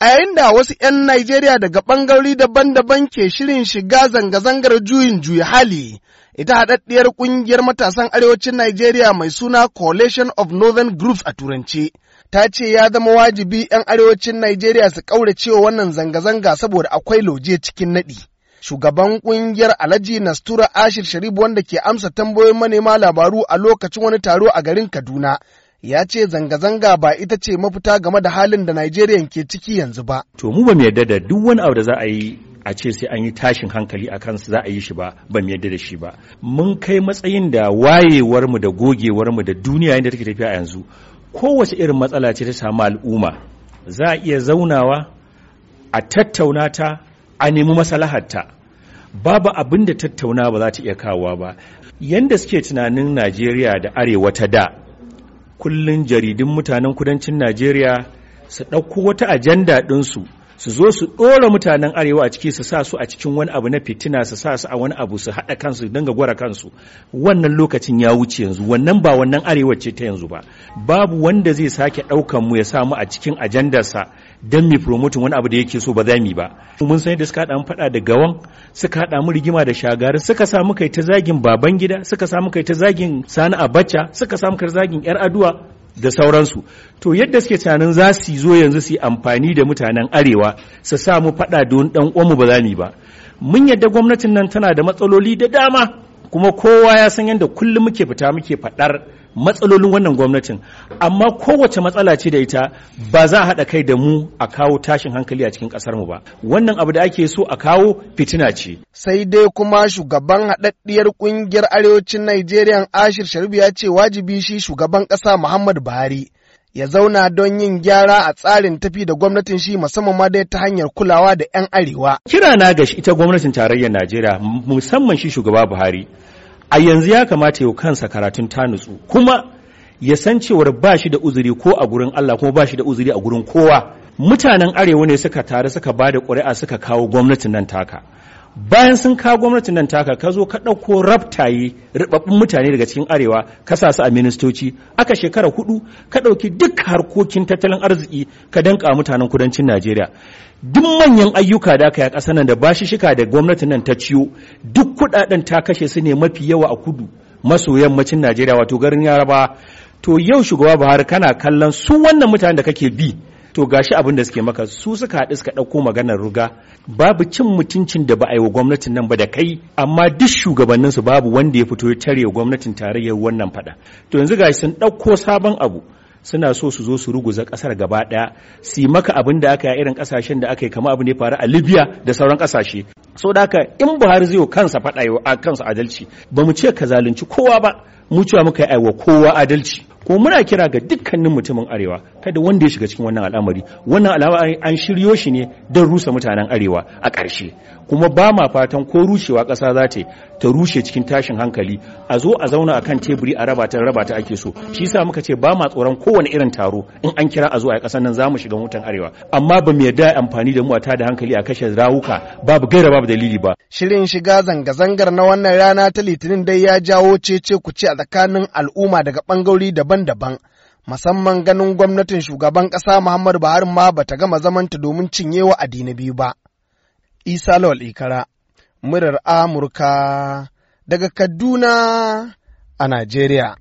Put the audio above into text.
A yayin da wasu ‘yan Najeriya daga ɓangarori daban-daban ke shirin shiga zanga-zangar juyin juya hali, ita haɗaɗɗiyar ƙungiyar matasan arewacin Najeriya mai suna Coalition of Northern Groups a Turanci, ta ce ya zama wajibi ‘yan arewacin Najeriya su cewa wannan zanga-zanga saboda akwai lauje cikin naɗi. shugaban ƙungiyar Alhaji Nastura Ashir Sharif wanda ke amsa tambayoyin manema labaru a lokacin wani taro a garin Kaduna ya ce zanga-zanga ba ita ce mafita game da halin da Najeriya ke ciki yanzu ba. To mu ba mu yarda da duk wani abu da za a yi a ce sai an yi tashin hankali a kansu za a yi shi ba ba mu yarda da shi ba. Mun kai matsayin da wayewarmu da gogewarmu da duniya inda take tafiya a yanzu kowace irin matsala ce ta samu al'umma za a iya zaunawa a tattauna ta a nemi masalaharta. babu abin da tattauna ba za ta iya kawowa ba yanda suke tunanin najeriya da arewa ta da kullun jaridun mutanen kudancin najeriya su ɗauko wata ajanda ɗinsu su zo su dora mutanen arewa a ciki su sa su a cikin wani abu na fitina su sa su a wani abu su haɗa kansu su dinga gwara kansu wannan lokacin ya wuce yanzu wannan ba wannan arewa ce ta yanzu ba babu wanda zai sake ɗaukan mu ya samu a cikin ajandarsa don mi promoting wani abu da yake so ba za mu ba mun san yadda suka haɗa mu faɗa da gawan suka haɗa mu rigima da shagarin, suka samu kai ta zagin baban gida suka samu kai ta zagin sani abacha suka samu kai ta zagin yar aduwa da sauransu to yadda suke tunanin za su zo yanzu su yi amfani da mutanen arewa su samu fada don dan uwanmu ba za ni ba mun yadda gwamnatin nan tana da matsaloli da dama kuma kowa ya san yadda kullum muke fita muke fadar matsalolin wannan gwamnatin amma kowace matsala ce da ita ba za a haɗa kai da mu a kawo tashin hankali a cikin ƙasar mu ba wannan abu da ake so a kawo fitina ce sai dai kuma shugaban haɗaɗɗiyar ƙungiyar arewacin Najeriya Ashir Sharbi ya ce wajibi shi shugaban ƙasa muhammad Buhari ya zauna don yin gyara a tsarin tafi da gwamnatin shi musamman ma dai ta hanyar kulawa da 'yan arewa. Kira na ga ita gwamnatin tarayyar Najeriya musamman shi shugaba Buhari a yanzu ya kamata yau kansa karatun ta nutsu kuma ya san cewar ba shi da uzuri ko a gurin Allah kuma ba shi da uzuri a gurin kowa mutanen arewa ne suka tare suka ba da ƙuri'a suka kawo gwamnatin nan taka bayan sun kawo gwamnatin nan taka ka zo ka ɗauko rabtaye ribabbun mutane daga cikin arewa ka sa su a ministoci aka shekara hudu ka ɗauki duk harkokin tattalin arziki ka danka mutanen kudancin najeriya duk manyan ayyuka da aka yi a ƙasa nan da bashi shika da gwamnatin nan ta ciyo duk kuɗaɗen ta kashe su ne mafi yawa a kudu maso yammacin najeriya wato garin yarabawa to yau shugaba buhari kana kallon su wannan mutanen da kake bi to gashi abin da suke maka su suka haɗu suka ɗauko maganar ruga babu cin mutuncin da ba a yi wa gwamnatin nan ba da kai amma duk shugabannin su babu wanda ya fito ya tare gwamnatin tarayyar wannan fada to yanzu gashi sun ɗauko sabon abu suna so su zo su ruguza kasar gaba ɗaya su yi maka abin da aka yi irin kasashen da aka yi kama abu ne faru a libya da sauran kasashe so da haka in buhari zai kansa faɗa a kansa adalci ba mu ce ka zalunci kowa ba mu cewa muka yi aiwa kowa adalci ko muna kira ga dukkanin mutumin arewa kada wanda ya shiga cikin wannan al'amari wannan al'amari an shiryo shi ne don rusa mutanen arewa a ƙarshe kuma ba ma fatan ko rushewa ƙasa za ta ta rushe cikin tashin hankali a zo a zauna a kan teburi a raba ta raba ta ake so shi sa muka ce ba ma tsoron kowane irin taro in an kira a zo a ƙasar nan za mu shiga mutan arewa amma ba mu yarda amfani da mu a tada hankali a kashe rawuka babu gaira babu dalili ba shirin shiga zanga-zangar na wannan rana ta litinin dai ya jawo cece kuce a tsakanin al'umma daga bangarori daban daban-daban musamman ganin gwamnatin shugaban ƙasa Muhammadu Buhari ma bata gama zamanta domin cinyewa addini biyu ba. Isa Lawal Ikara, murar Amurka daga Kaduna a Najeriya.